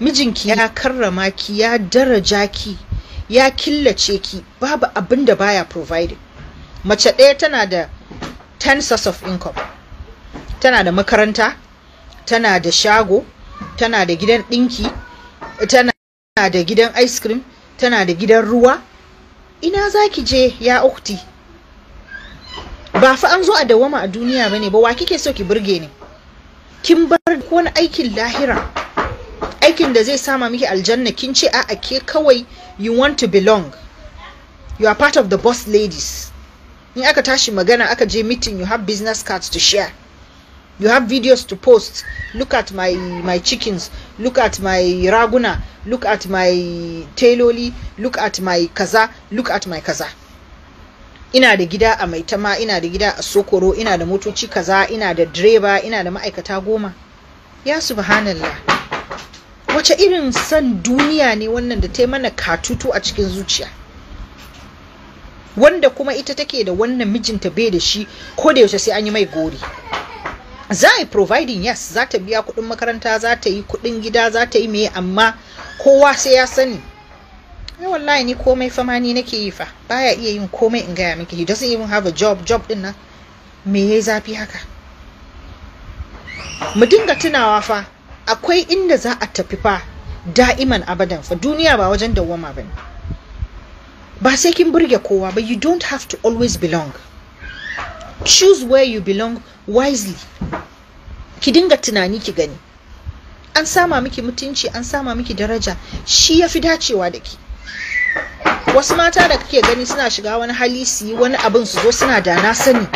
mijinki ya karrama ki ya daraja ki ya killace ki babu abin da baya providing mace ɗaya tana da 10 source of income tana da makaranta tana da shago tana da gidan ɗinki tana da gidan ice cream tana da gidan ruwa ina za ki je ya ukti ba fa an zo a dawama a duniya bane ba wa kike so ki burge ni kin bar wani aikin lahira aikin da zai sama miki aljanna kin ce a ke kawai you want to belong you are part of the boss ladies in aka tashi magana aka je meeting you have business cards to share you have videos to post look at my my chickens look at my raguna look at my teloli look at my kaza look at my kaza ina da gida a maitama ina da gida a sokoro ina da motoci kaza ina da direba ina da ma'aikata goma ya subhanallah wace irin san duniya ne wannan da ta mana katutu a cikin zuciya wanda kuma ita take da wannan mijinta bai da shi ko da yaushe sai an yi mai gori za a yi providing yes za ta biya kuɗin makaranta za ta yi kuɗin gida za ta yi meye amma kowa sai ya sani ai wallahi ni komai fama ni nake yi fa baya iya yin komai in gaya miki he doesn't even have a job job din nan me yayi zafi haka mu dinga tunawa fa akwai inda za a tafi fa da'iman abadan fa duniya ba wajen dawwama bane ba sai kin burge kowa ba you don't have to always belong choose where you belong wisely ki dinga tunani ki gani an sama miki mutunci an sama miki daraja shi ya fi dacewa da ki wasu mata da kake gani suna shiga wani hali su yi wani abin su zo suna da na sani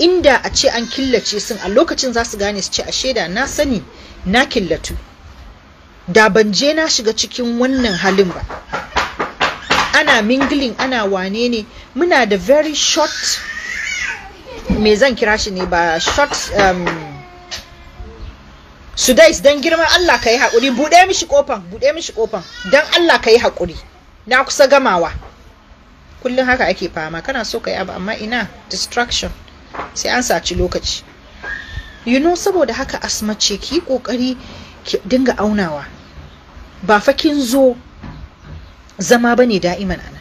inda a ce an killace sun a lokacin za su gane su ce a shaida na sani na killatu da ban je na shiga cikin wannan halin ba ana mingling ana wane ne muna da very short me zan kira shi ne ba short um, sudais don girman Allah ka yi haƙuri buɗe mishi ƙofan buɗe mishi ƙofan don Allah ka yi haƙuri na kusa gamawa kullum haka ake fama kana so ka yi abu amma ina distraction sai an saci lokaci you know saboda haka asmace ki yi ƙoƙari ki dinga aunawa ba fakin zo zama bane da'iman ana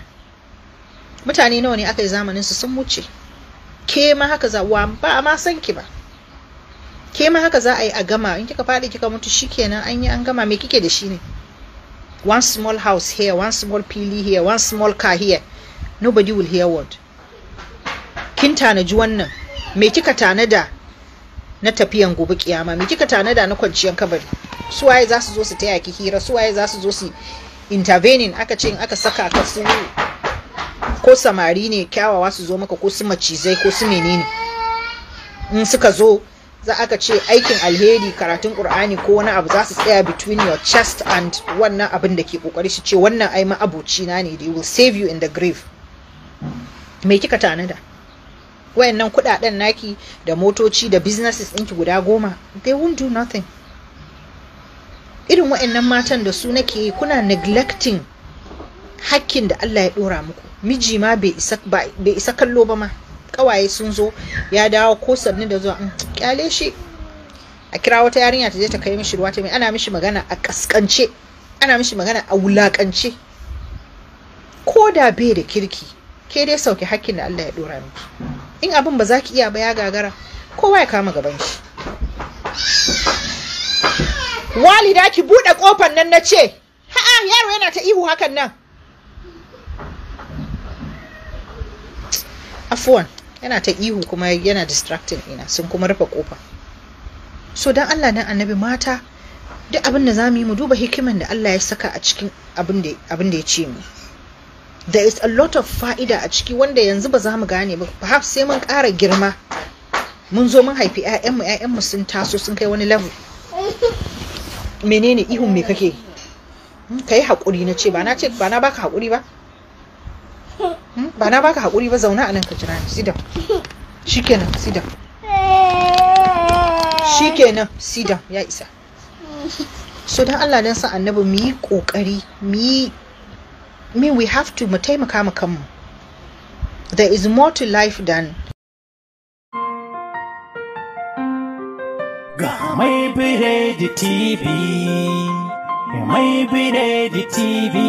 mutane nawa ne aka yi zamanin su sun wuce ke ma haka za wa ba ma san ki ba ke ma haka za a yi a gama in kika faɗi kika mutu shikenan an yi an gama me kike da shi ne one small house here one small fili here one small car here nobody will hear word kin tanaji wannan me kika tanada na tafiyan gobe kiyama me kika tanada na kwanciyan kabari su waye za su zo su taya ki hira su waye za su zo su intervening aka ce in aka saka ka su ko samari ne kyawawa su zo maka ko su macizai ko su menene in suka zo za aka ce aikin alheri karatun qur'ani ko wani abu za su tsaya between your chest and wannan abin da ke kokari su ce wannan ai ma'abuci na ne they will save you in the grave me kika tanada wayannan kudaden naki da motoci da businesses ɗinki guda goma they won't do nothing irin wayannan matan da su nake kuna neglecting hakkin da Allah ya dora muku miji ma bai isa kallo ba ma kawaye sun zo ya dawo ko sannu da zuwa mm, kyale shi a kira wata yarinya ta je ta kai mishi ruwa ta mai ana mishi magana a kaskance ana mishi magana a wulakance ko da bai da kirki ke dai sauke hakkin da Allah ya dora miki in abin ba za ki iya ba ya gagara kowa ya kama gaban shi walida ki buɗe kofar nan na ce ha'a yaro yana ta ihu hakan nan afuwan yana ta ihu kuma yana distracting ina sun kuma rufe kofa so dan Allah dan annabi mata duk abin da zamu yi mu duba hikiman da Allah ya saka a cikin abin da ya ce mu there is a lot of fa'ida a ciki wanda yanzu ba za mu gane ba perhaps sai mun ƙara girma mun zo mun haifi 'ya'yanmu 'ya'yanmu sun taso sun kai wani level menene ihun me kake hmm, ka yi na ce ba na ce ba na baka hakuri ba Hmm? ba na baka haƙuri ba zauna a nan ka jira ni sidan shikenan sidan shikenan sidan ya isa so don Allah don san annabi mu yi ƙoƙari mu yi me we have to mu taimaka mu kanmu there is more to life than ga mai biredi tv mai biredi tv